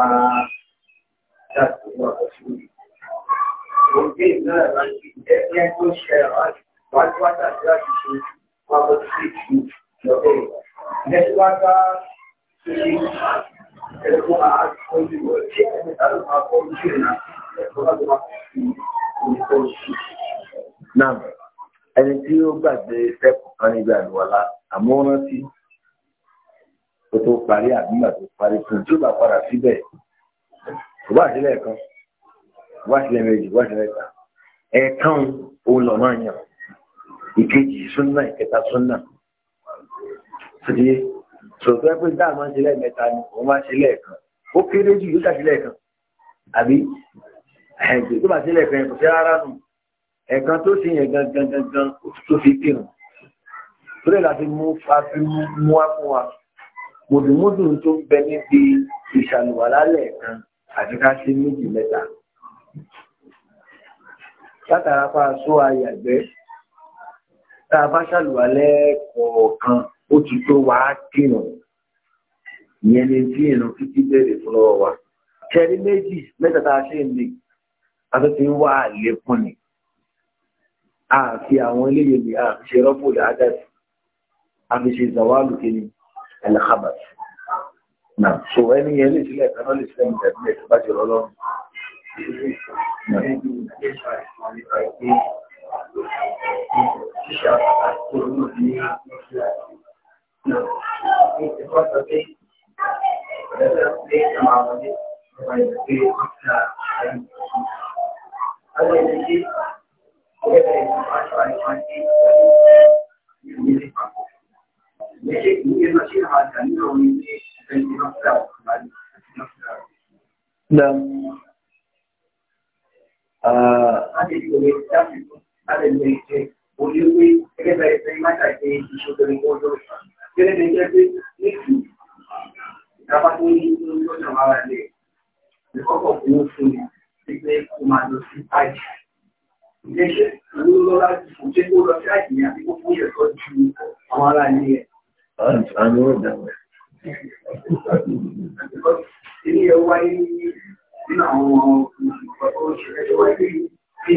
وتقوى رسوله وجئنا لأن الشيطان والوضع ذات الشيء وقد سيكون لديه نسوة Ẹgbọ́n àkọ́kọ́ ìwọ̀ tí ẹni tàbí àkọ́kọ́ ìṣẹ́ náà, ẹgbọ́n àti wà fún ìkọ́ ìṣẹ́. Náà, ẹni tí ó gbàgbé ẹ̀kọ́ kan níbi àlùwàlá, àmọ́ rántí tó parí àbígbà tó parí fún tí ó bá padà síbẹ̀ kò bá sílẹ̀ kan kò bá sílẹ̀ méjì kò bá sílẹ̀ kan ẹ̀ẹ̀kan òun lọ́nà yàn ìkejì súnà ìkẹta súnà ṣèdíyé sọ̀tọ́ ẹ pé dáa máa ń ṣe lẹ́ẹ̀mẹ́ta ni òun máa ń ṣe lẹ́ẹ̀kan ó kéré jù yóò ṣàṣìlẹ̀ kan àbí ẹ̀ǹtì tó bá ṣẹlẹ̀ kan kò sí rárá nù ẹ̀kan tó ṣe yẹn gangan gangan tó fi kírun tó lè láti mú fa fún wa mùdùmùdù tó ń bẹ níbi ìṣàlùwàlá lẹ́ẹ̀kan àti ká sí méjì mẹ́ta látara pa sọ àyàgbẹ́ tá a bá ṣàlùwàlá kọ̀ọ̀kan ó ti tó wá kírun ìyẹn ni tí ìrun títí bẹ̀rẹ̀ fún lọ́wọ́ wa ṣẹ́rí méjì mẹ́ta tá a ṣe ń lè àti ti ń wá àlékún ni àfi àwọn eléyèmí àfi ṣe rọ́pò ládàbí àfi ṣe zàwálù kìíní ẹlẹ́kàbà náà so ẹni yẹn lè sílẹ̀ kaná lè sílẹ̀ nígbà tí ẹ̀ka bá ti rọ́ lọ́rùn. ọjọ́ kéré ní jẹ́ pé nítorí ìjọba tó ní lọ́jọ́ ara rẹ̀ ìkọ́kọ̀ kò ó fún mi pé kó máa lọ sí àjì. Ilé iṣẹ́ ìlú lọ́la kò jẹ́ kó lọ sí àjì ní àbí kó fún ìyẹ̀kọ́ ju àwọn ará ilé ẹ̀. Àmì ó dà wẹ̀. Ilé ẹ̀ wáyé nínú àwọn olùkọ́ tó ń ṣe ẹjọ́ wáyé bí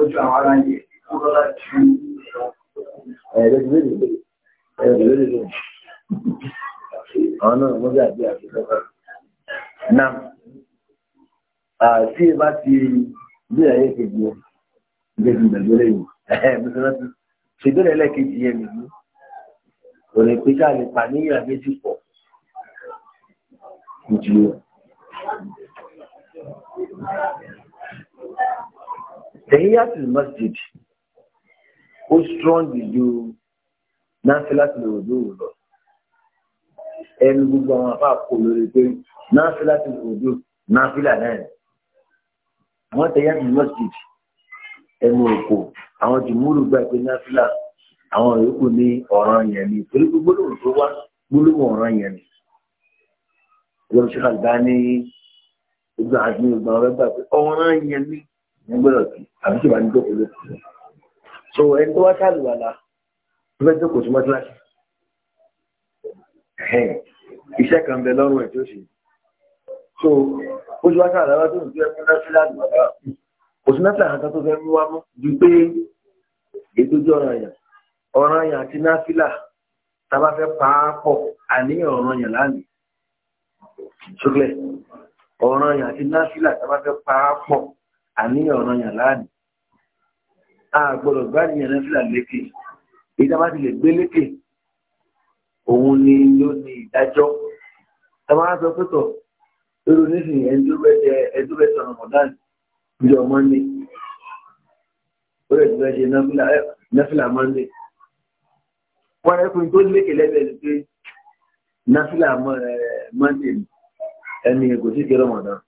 ọjọ́ àwọn ará ilé kó lọ́la ju ọ̀nà mọ́jà bí tí ẹ bá ti bí ẹ̀yẹ kejì yẹn, ǹjẹ́ ti gbàgbé lẹ́yìn. Mùsùlùmí ṣèbéèrè lẹ́ẹ̀kejì yẹn nìyí. Kò lè pé káà lè pa níyà méjì pọ̀. Ìjì yẹn. Èyí yàtọ̀ masjid. ó strong ju náfìlà tó lè dúró lọ ẹnu gbogbo àwọn afá kò lórí pé náfìlà tó lè dúró náfìlà náà wọn tẹyà ní mosjid ẹnu òkò àwọn jùmúrù gbà pé náfìlà àwọn yòókù ní ọ̀ràn yẹn ni torí gbólóhùn tó wá gbólóhùn ọ̀ràn yẹn ni ìjọba ṣe kàlùbá ní gbogbo àti gbogbo àwọn ẹgbàá pé ọ̀ràn yẹn ni wọn gbọ́dọ̀ kí àbíṣe wà ní dókòló so ẹni tó wá sàlùwàlà tó fẹ́ jókòó sí mọ́tíláṣí iṣẹ́ kan bẹ lọ́rùn ẹ̀ tí ó ṣe so ó ṣe wá sàlùwàlà tó ń jẹ́ mú náfìlà àlùwàlà òsì náfìlà kan tó fẹ́ mú wá mú ju pé ètò ojú ọ̀ràn yẹn ọ̀ràn yẹn àti náfìlà tá a bá fẹ́ pa á pọ̀ àníyàn ọ̀ràn yẹn lánìí ṣúklẹ̀ ọ̀ràn yẹn àti náfìlà tá a bá fẹ́ pa á pọ̀ àníyàn ọ̀ràn yẹn lánìí àgbọ̀dọ̀ gbáàdìyàn náà fìlà lékè ìjọba ti lè gbé lékè òun ni ló ní ìdájọ́ tàbá sọ pẹ́tọ̀ lórí oníṣìí ẹ̀dúrẹ́jẹ ẹ̀dúrẹ́sọ̀ ramadan ìjọ mọ́ndé ó lè dúró ṣe náfìlà mọ́ndé wọ́n rẹ̀ fún tó lékè lẹ́bẹ̀ẹ́ ni pé náfìlà mọ́ndé ẹni kò sí kí ramadan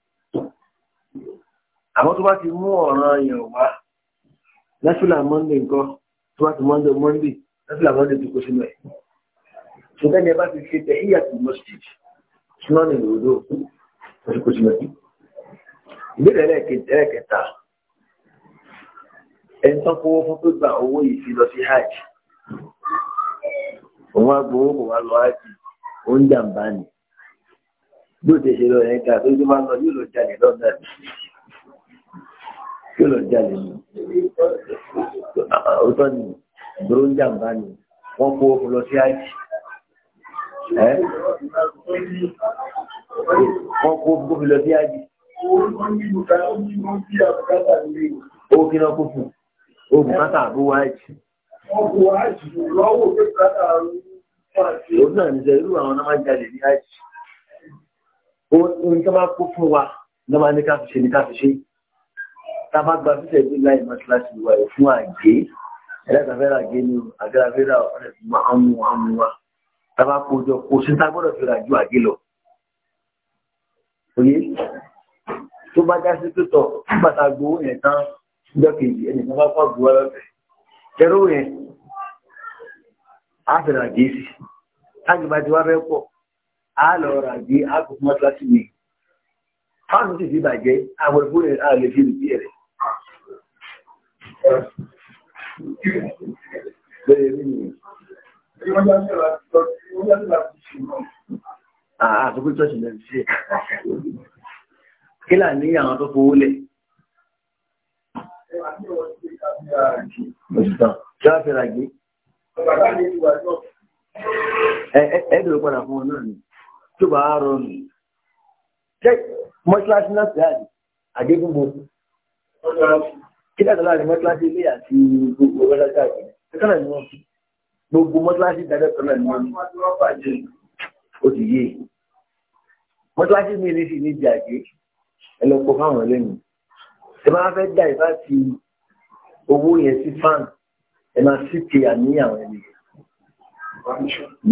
àwọn tó bá ti mú ọ̀ràn yẹn wá násùlà monday nǹkan tó bá ti monday monday násùlà monday ti kó sínú ẹ̀ ṣùgbọ́n ní ẹ bá ti ṣe tẹ híyà tó mọ́sítì sínú ọ̀nà ìròdó tó ti kó sínú ẹ̀ ìbéèrè ẹlẹ́ẹ̀kẹta ẹni tán kówó fún tó gba owó yìí fi lọ sí hajj òun á on va wá lọ hajj ó ń jàǹbá ni bí ó ti ṣe lọ yẹn ká tó ti máa ń lọ yóò lọ jalè lọ́dọ̀ àti tí ó lọ jáde ní òótọ́ ni dúró ń jàǹbá ni wọ́n kó o lọ sí àìsí ẹ́ wọ́n kó o lọ sí àìsí. ó kí náà kó fún o bùkátà àbó wá àìsí. Òun náà ń jẹ irú àwọn náà máa jáde ní àìsí. Ohun tí wọ́n bá kó fún wa náà máa ní ká fi ṣe ní ká fi ṣe tá a bá gba fífẹ́ bí láì mọ́ṣáláṣí wa ẹ̀ fún àgé ẹlẹ́tàfẹ́ra àgé ni o àgẹ́ràfẹ́ra ọ̀rẹ́ fún wa amú amú wa tá a bá kójọ kó sí tá a gbọ́dọ̀ fi ra ju àgé lọ. òye tó bá já sí pé tọ̀ nígbà tá a gbowó yẹn tán níjọ́ kejì ẹnì kan bá kọ́ àgbò wa lọ́fẹ̀ẹ́ ẹ̀rọ yẹn á fẹ́ ra àgé sí táàgì bá ti fẹ́ pọ̀ á lọ ra àgé á kò fún mọ́ṣáláṣí mi fáànù sì ti bàjẹ́ àwọn ìfúnni àlè fi rìbí rẹ̀ Bẹ́ẹ̀ ni mi. Àtúkú ṣọ́ọ̀ṣì lè ṣe. Kí là ní àwọn tó fowó lẹ̀? Òṣìṣàn, ṣé wá fẹ́ra gé? Ẹ̀ẹ́dùn padà fún ọ náà ni. Tó bá rọrùn. Ṣé mọ́ṣíláṣí náà sí àdé? gbogbo kí dàgbà láàrin mọ́tíláṣí ilé àti gbogbo ọ̀rẹ́dá káàkiri ẹ̀ka ni wọ́n fi gbogbo mọ́tíláṣí ìdájọ́ kan ni wọ́n bàjẹ́ ó ti yé mọ́tíláṣí mi ní sì ní ìdí àgbé ẹ lọ kó fáwọn ẹlẹ́nu ẹ máa fẹ́ dá ìfá ti owó yẹn sí fan ẹ máa sì ti àníyàn ẹni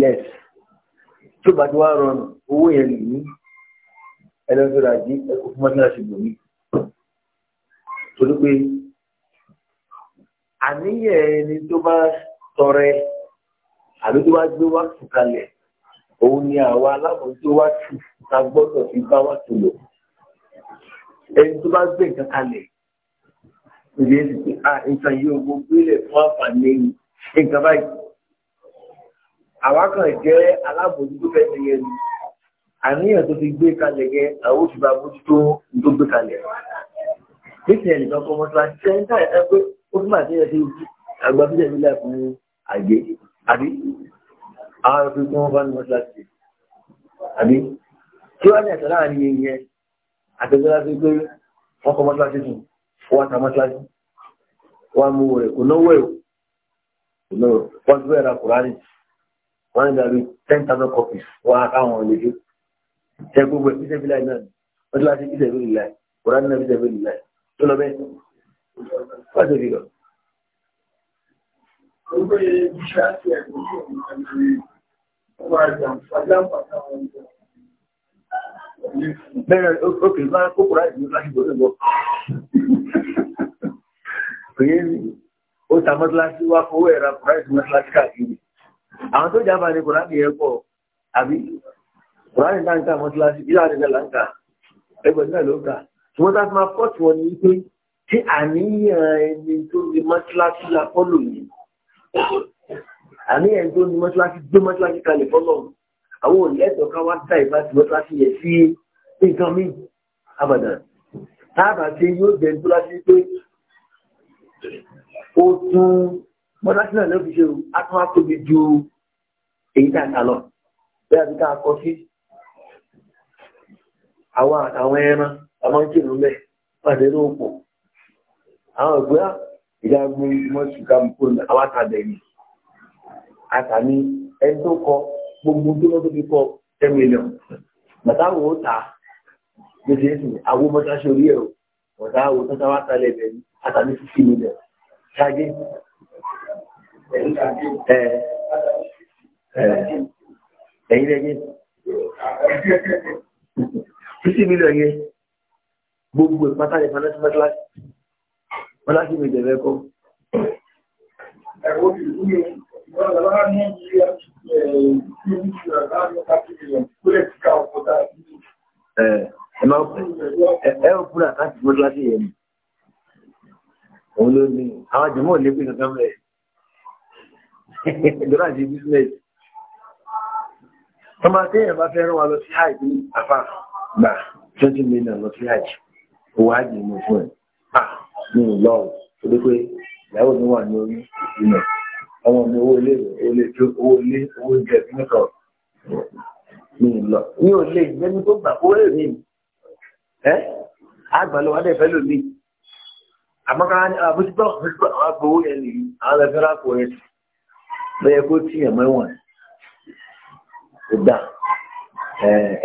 yes tó bá ti wá rọrùn owó yẹn lè ní ẹ lọ fẹ́ ra jí ẹ kó fún mọ́tíláṣí gbòmí torí pé àníyàn ẹni tó bá tọrẹ àbí tó bá gbé wákìtì kalẹ̀ òun ni àwa alábòójútó wákìtì ta gbọ́dọ̀ fi bá wákìtì lò ẹni tó bá gbé nǹkan kalẹ̀ ìdí èsì pé a ah, nǹkan yìí ogun gbélé fún àǹfààní nǹkan báyìí àwa kan jẹ́ alábòójútó fẹ́ ti ni àníyàn tó fi gbé kalẹ̀ yẹn àwọn òṣùpá mójútó tó gbé kalẹ̀ nítorí ẹnìkan kọ́ mọ́tò àti ṣẹ́ńtà ẹ̀ pé ó túnmà sí ẹ̀sìn àgbàbílẹ̀ ìbílẹ̀ fún àgbẹ̀ àbí àwọn ọ̀fẹ́ tí wọ́n bá ní mọ́ṣáláṣí àbí tí wọ́n ní ẹ̀sẹ̀ láàrin yẹn yẹn àtẹ̀gbẹ́lá sí pé wọ́n kọ́ mọ́ṣáláṣí sùn wọ́n ta mọ́ṣáláṣí wọ́n mú rẹ̀ kò náwó ẹ̀ kò náwó wọ́n ti bẹ́ẹ̀ ra kùránì wọ́n ní dàbí ten thousand copies wọ́n á káwọn ọ̀lẹ́jọ́ tẹ gbogbo ẹ̀ fíṣẹ́ fílẹ̀ náà mọ́ṣáláṣí fíṣẹ́ fílẹ̀ kùránì náà fíṣẹ́ fílẹ̀ Pàṣẹ bí lọ. Bẹ́ẹ̀ òkè máa kókò láti ní láti gbọ́dọ̀ lọ. Kìí ó ta mọ́tíláṣí wá fowó ẹ̀ra kùráìsì mọ́tíláṣí káàkiri. Àwọn tó jábà ní kùráìsì yẹn pọ̀ àbí kùráìsì náà ń ká mọ́tíláṣí bí láàrin náà là ń ká ẹgbẹ̀rún náà ló ń ká. Ṣùgbọ́n tá a fi máa pọ̀ tí wọ́n ní wípé tí àníyàn ẹni tó ní mọ́ṣáláṣí la fọ́lò yìí àníyàn tó ní mọ́ṣáláṣí gbé mọ́ṣáláṣí kalẹ̀ fọ́lọ̀ àwọn òlẹ́tọ̀ ká wá dá ìbá ti mọ́ṣáláṣí yẹ sí nǹkan míì abàdàn táàbà tí yóò jẹ́ tó láti pé ó tún mọ́ṣáláṣí náà lọ́fi ṣe atún á tóbi ju èyí tá a ta lọ bí a ti ká kọ sí àwọn àtàwọn ẹran àwọn ń kírun pàdé ní òpó àwọn ògbéyà ìdágbó mọ́ṣúgà mọ́ṣúgà àwọn àtàdẹ̀ yìí àtàní ẹni tó kọ gbogbo tó lọ́dún kíkọ ten million bàtà wò ó tà gbèsè ẹ̀sìn àwọn mọ́ṣáṣí orí ẹ̀rọ bàtà wò ó tọ́ta wà tàlẹ̀ ẹ̀bẹ̀ àtàní fifty million ṣáájú ẹ̀ ẹ̀yìn lẹ́yìn fifty million yẹn gbogbo ìpátá ìfọ̀nẹ́sí mọ́ṣáláṣí wọ́n láti lè jẹ̀rẹ̀ kọ́. Ẹ̀wọ́ ìlú mi, ìwọ́n lọ́wọ́ ní ilé ẹ̀ẹ́dì ní ìlú àgbà ní ọ̀pá kìrìyàn, ó lè ti ká ọkọ̀ dáa nínú. Ẹ máa ẹ ó fúnra láti mú láti yẹn. Òun ló ní àwọn jùmọ̀ lé pé kankan bẹ̀rẹ̀. Ìjọba àti bísíǹnẹ̀sì. Tọ́mọ téèyàn bá fẹ́ rán wa lọ sí Hajj ní àfà gbà twenty million lọ sí Hajj. Owó Hajj fún ẹ. Ah, ní ìlọ ò tó dé pé ìyàwó mi wà ní orí ìdìnnà ọmọ mi owó ilé owó ilé owó ilé owó ilé ẹbí nìkan ní ìlọ ní òlé ìgbẹ́ni tó gbà owó èrè mi ẹ́ àgbàlọ́ wàdẹ̀ fẹ́ lómi àmọ́ ká ní àbújúbọ̀ àbújúbọ̀ àwọn agbowó yẹn nìyí àwọn ẹgbẹ́ rákò yẹn bẹ́ẹ̀ kó tí ẹ̀mọ́ ẹ̀wọ̀n kò dà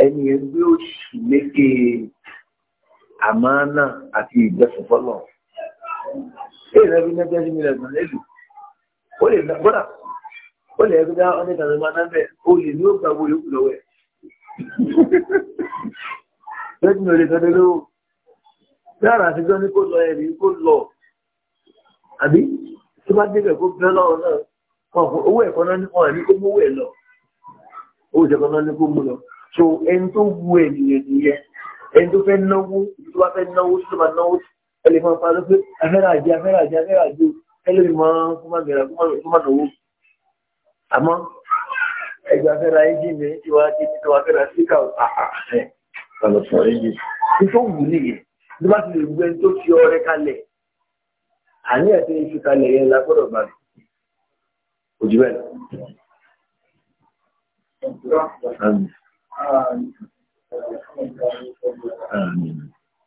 ẹni ẹgbẹ́ òṣì lékè àmánà àti ìgbẹ́sùn fọ́lọ́ọ̀ èyí rẹ̀ fi nẹ́gbẹ́ sí mi rẹ̀ gbọ́n lẹ́lù ó lè gbọ́dà ó lè ẹgbẹ́ dá ọ́nẹ́ tàbí máa náà bẹ́ẹ̀ ó lè ní ó gbà wo yòókù lọ́wọ́ ẹ̀ lẹ́tí mi ò lè tọ́jú lówó lára àtijọ́ ní kó lọ ẹ̀rí kó lọ àbí tó bá débẹ̀ kó bẹ́ lọ́wọ́ náà owó ẹ̀kọ́ náà ní ọ̀rẹ́ ní kó mú owó ẹ̀ lọ owó ìṣẹ̀kọ́ náà ní kó mú lọ so ẹni tó wu ènìyàn nìyẹn ẹni tó fẹ́ náwó tó bá fẹ́ náwó tó ẹlẹ́ máa parọ́ pé afẹ́rẹ́ àjẹ́ afẹ́rẹ́ àjẹ́ afẹ́rẹ́ àjẹ́ ẹlẹ́ máa kó má gbẹ̀rẹ̀ kó má nàwó. àmọ́ ẹgbẹ́ afẹ́rẹ́ ayé jí mi ti wá ti ti wá fẹ́rẹ́ síkà àhàhẹ́ ọ̀nà sọ̀rọ̀ yìí. títọ́ wù nìyẹn bí wọ́n ti lè gbé tó fi ọrẹ kalẹ̀ àní ẹ̀ tó ń fi kalẹ̀ yẹn la gbọ́dọ̀ bá òjì bẹ́ẹ̀ Amin. Amin.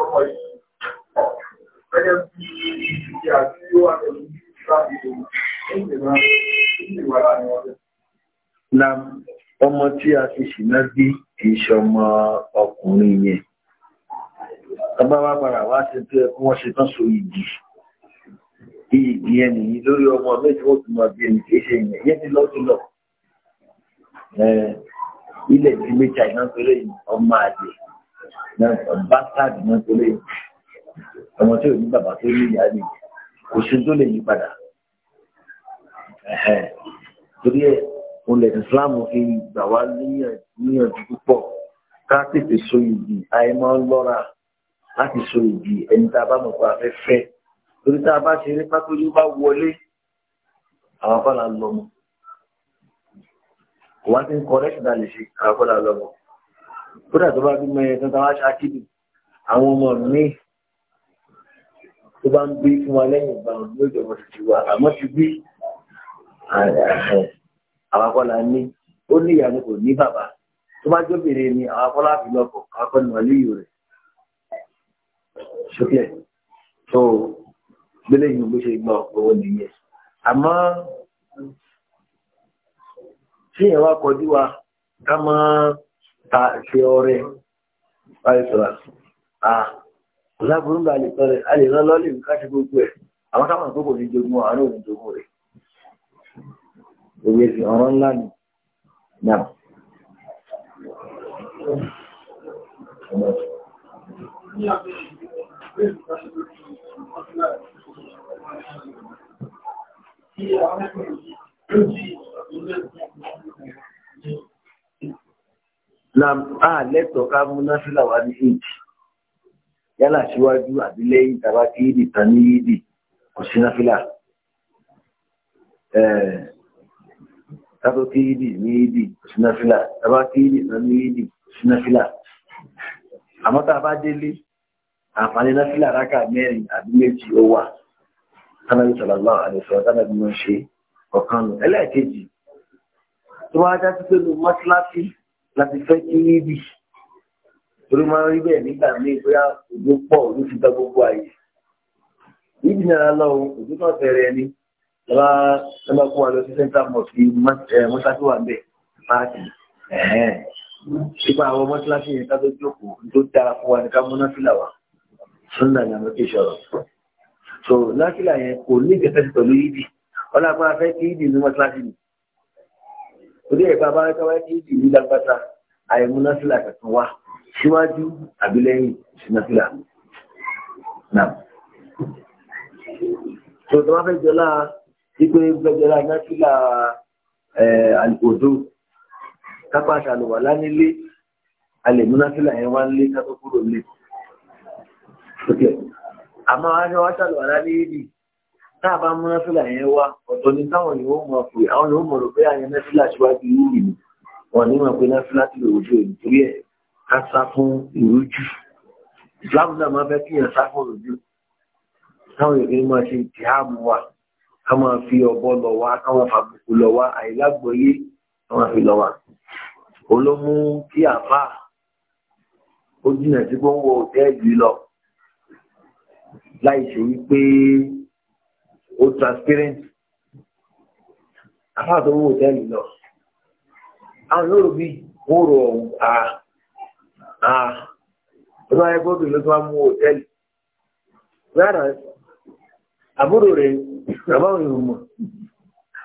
ọkọ̀ yìí gẹ́gẹ́ bí ìṣẹ́ àti ó wà pẹ̀lú láti ìwà láàrin ọdún. Na ọmọ tí a ti ṣìná bí kì í ṣọmọ ọkùnrin yẹn. Ọba wa padà wá sí pé wọ́n ṣe tán so ìdí. Ìdí ẹni yìí lórí ọmọ méjì ó tún máa bí ẹni kì ṣe yẹn. Yé ti lọ Ilẹ̀ ti méjì àìná pẹ̀lú ọmọ àgbẹ̀ bákàdì náà tó lè ọmọ tí ò ní bàbá tó ní ìyá ni oṣù tó lè yí padà torí ẹ olè ìsìláàmù fi gbà wá níyànjú púpọ̀ ká tètè so ìdì àìmọ́ lọ́ra láti so ìdì ẹni tá a bá mọ̀ pé a fẹ́ fẹ́ torí tá a bá ṣe eré pátó bá wọlé àwọn afọlá lọmọ wọ́n ti ń kọ́ rẹ́ṣìdá lè ṣe àwọn afọlá lọmọ kódà tó bá bímọ yẹn tán táwa ṣáàkìdì àwọn ọmọ mi tó bá ń bí fún wa lẹ́yìn ìgbà òun ló jọmọ ti wà àmọ́ ti bí àwọn ní ó ní ìyá ni kò ní bàbá tó bá jóbìnrin ni àwọn akọ́lá fi lọ́kọ̀ àwọn akọ́ni wà léyìí rẹ̀ ṣókè tó gbélé yìí bó ṣe gbọ́ owó nìyẹn àmọ́ tí èèyàn wá kọjú wa ká máa ta ṣe ọrẹ báyìí láburú bá lè tọrẹ a lè rán lọ́lẹ̀ nǹkan ṣe gbogbo ẹ̀ àwọn táwọn àkókò ní jogún àárín òní jogún rẹ̀ òwe sì ọ̀rọ̀ ńlá ni náà. Tí àwọn ẹgbẹ́ yìí ló jí na a lẹ́tọ̀ọ́ ká mú náfìlà wá ní èjì yálà síwájú àbí lẹ́yìn tàbá kí yídì tán ní yídì kò sí náfìlà tàbá kí yídì ní yídì kò sí náfìlà tàbá kí yídì tán ní yídì kò sí náfìlà àmọ́ tá a bá délé àǹfààní náfìlà rákà mẹ́rin àbí méjì ó wà tánàbí sọ̀làlá àdìsọ̀ tánàbí mọ́ ṣe ọ̀kan ẹlẹ́ẹ̀kejì tó wá dá sí pé láti fẹ́ kí níbi torí máa ń rí bẹ́ẹ̀ nígbà míì bóyá òjò pọ̀ ló ti gba gbogbo àyè níbi náà lọ òjò náà bẹ̀rẹ̀ ẹni lọ́wọ́ lọ́wọ́ kó wa lọ sí central mosque mọ́sáàkì wà bẹ́ẹ̀ páàkì ipa àwọn mọ́sálásí yẹn ká tó jókòó tó dára fún wa ní ká múná fìlà wa sunna ní àwọn kéṣọ rọ so láfìlà yẹn kò ní ìgbẹ́fẹ́sì pẹ̀lú yídì ọlọ́pàá fẹ́ kí yídì ní mọ́sálásí yìí torí ẹ̀ bàbá wa káwá ní ìdí ìlú lágbàtà àìmú násìlà kankan wá síwájú àbí lẹ́yìn sí násìlà náà. tó tó bá fẹ́ jọlá wípé gbẹjọlá násìlà eh, àlùkòdó kápá àtàlùwà lánilé alèmú yẹn wá nílé ká kúrò nílé. àmọ́ wá ní wá ṣàlùwà yìí táà bá mú náfìlà yẹn wá ọ̀tọ̀ ni táwọn yòó mọ̀ pé àwọn yòó mọ̀ rò pé àyẹn náfìlà síwájú yìí ni wọn ní mọ̀ pé náfìlà ti lè ojú èyí torí ẹ̀ ká sá fún ìrújú Islam náà máa fẹ́ kíyàn sá fún ìrújú táwọn èké máa ṣe ìtìhámù wa ká máa fi ọ̀bọ lọ wá ká máa fàbùkù lọ wá àìlágbọ́yé ká máa fi lọ wá òun ló mú kí àfáà ó jìnà sí gbóngbò òtẹ́ẹ̀lì lọ láì ṣe wípé ó transparent àfáà tó ń wò tẹ́lì lọ àwọn yóò rò bí ọ̀hún àà àà ló mú àbúrò rẹ̀ bàbá òun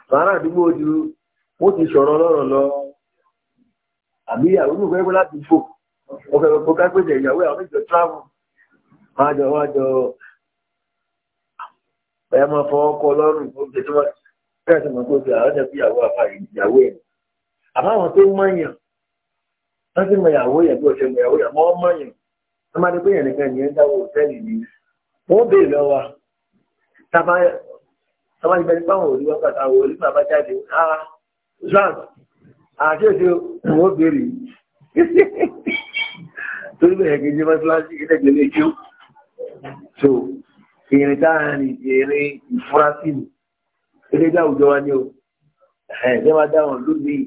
bàárà àdúgbò ti sọ̀rọ̀ lọ́rọ̀ lọ àbí láti fò ìyàwó àwọn ìjọ tíráàmù bẹ́ẹ̀ máa fọwọ́ kọ lọ́rùn tó ṣe tí wọ́n kẹ́sì àwọn ẹbí ìyàwó àfa ìyàwó ẹ̀ àbáwọn tó mọ̀yàn wọ́n sì mọ ìyàwó yẹn bí ọ̀ṣẹ́ ìyàwó yẹn mọ́ mọ̀yàn wọ́n máa ní pé yẹn nìkan ìyẹn dáwọ́ òtẹ́ẹ̀lì ni wọ́n bèè lọ wa tábà ìgbà nípa òní wákàtí àwọn òní bàbá jáde èrè táàrin èrè ìfurasí ni eré dá òjò wa ní o ẹ̀ẹ́dẹ́ máa dáhùn lónìí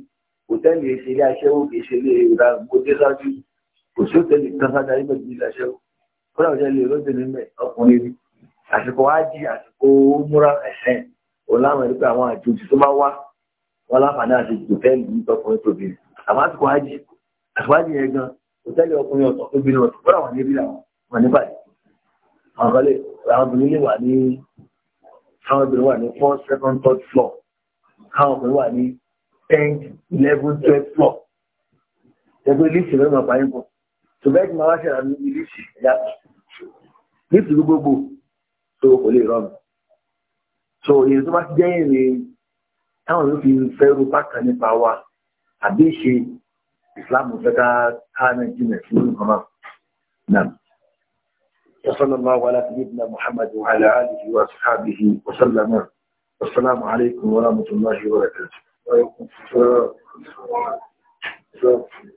òtẹ́ẹ̀lì ìṣeré aṣẹ́wó ìṣeré ìra gbòdé sáájú kò sí òtẹ́ẹ̀lì kan sáájú ayébẹ̀tì ìṣeré aṣẹ́wó kódà òtẹ́ẹ̀lì ìrọ́jò nílẹ̀ ọkùnrin rí àsìkò ájì àsìkò múra ẹ̀sẹ̀ òun láwọn ẹ̀rí pé àwọn àjòjì tó bá wá wọn láǹfààní àti òtẹ́ẹ̀lì ìtọkùnrin tóbi àmọ́ àsìkò ájì àsìkò ájì yẹn gan òtẹ́ẹ̀lì ọkùnrin ọ̀tọ̀ tóbi náà kódà wọn ní rí àwọn wọn ní bàjẹ́ àwọn kan lè àwọn obìnrin lè wà ní àwọn obìnrin wà ní first second third floor àwọn obìnrin wà ní tenth eleven twelve floor ẹgbẹ́ lífì lọ́nà àpáyé pọ̀ tó bẹ́ẹ̀ tí màá wá ṣẹlẹ̀ ní lífì yàtọ̀ lífì ló gbogbo tó kò lè rọrùn so èyí tó bá ti jẹ́ ìrìn táwọn ló fi fẹ́rù bákan nípa wa àbí ṣe ìsìlámù fẹ́ ká ká nàìjíríà sí nǹkan náà. وصلى الله على سيدنا محمد وعلى آله وأصحابه وسلم والسلام عليكم ورحمة الله وبركاته